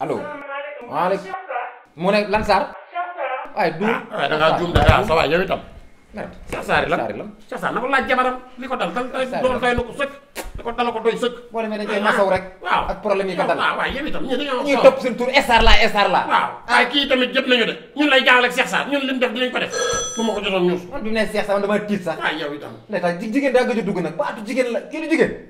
allo. waaleykum. mu ne lan Sarr. waaye du. Ah, waaw da ngaa ah, la Cheikh Sarr na ko laaj jabaram li ko dal dal doon doy na ko sëkk da ko dala ko rek waaw ak problème yi ko dal waaw waaw yéen itam ñuy topp seen tur la Sarr la waaw ah. kii tamit jëpp nañu de ñun lay jàngal ak Cheikh Sarr ñun li mu def dinañ ko def bu ko jotoon ñuus man bi mu ne Cheikh Sarr dama tiit sax waaw yow itam jigéen daa gëj a dugg nag baatu jigéen la kii du jigéen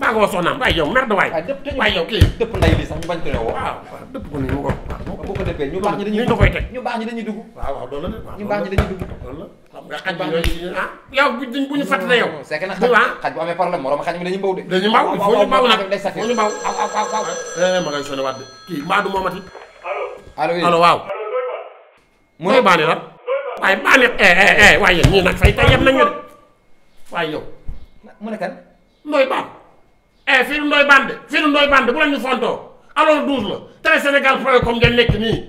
maa ko wax soxnaam waaye yow merde waay. waaye yow kii dëpp nday li sax ñu bañ ko ne woo. waaw waaw dëpp ko ni ñu ko. waaw bu ko dëppee ñu baax ñi dañuy dugg ñu baax nag xaj bu amee problème ma ngay sonné waat de kii Mbadou Momati. allo allo waaw. mu ne baane la. waaye baane eh eh eh waaye ñii nag fay tey yem nañu waaye yow. mu ne kan. nooy baan eh fiiru ndooy band fiiru ndooy band bu la ñu fontoo alors douze la télé Sénégal point com ngeen nekk nii